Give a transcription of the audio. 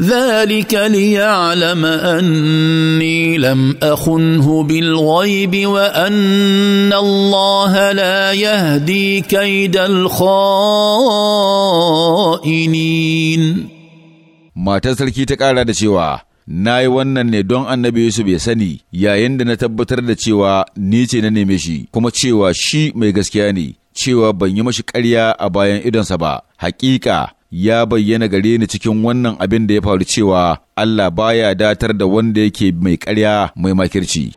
ذلك ليعلم اني لم اخنه بالغيب وان الله لا يهدي كيد الخائنين matar sarki ta ƙara da cewa na yi wannan ne don annabi Yusuf ya sani yayin da na tabbatar da cewa ni ce na neme shi kuma cewa shi mai gaskiya ne cewa ban yi mashi ƙarya a bayan idonsa ba haƙiƙa. ya bayyana gare ni cikin wannan abin da ya faru cewa Allah baya datar da wanda yake mai karya mai makirci.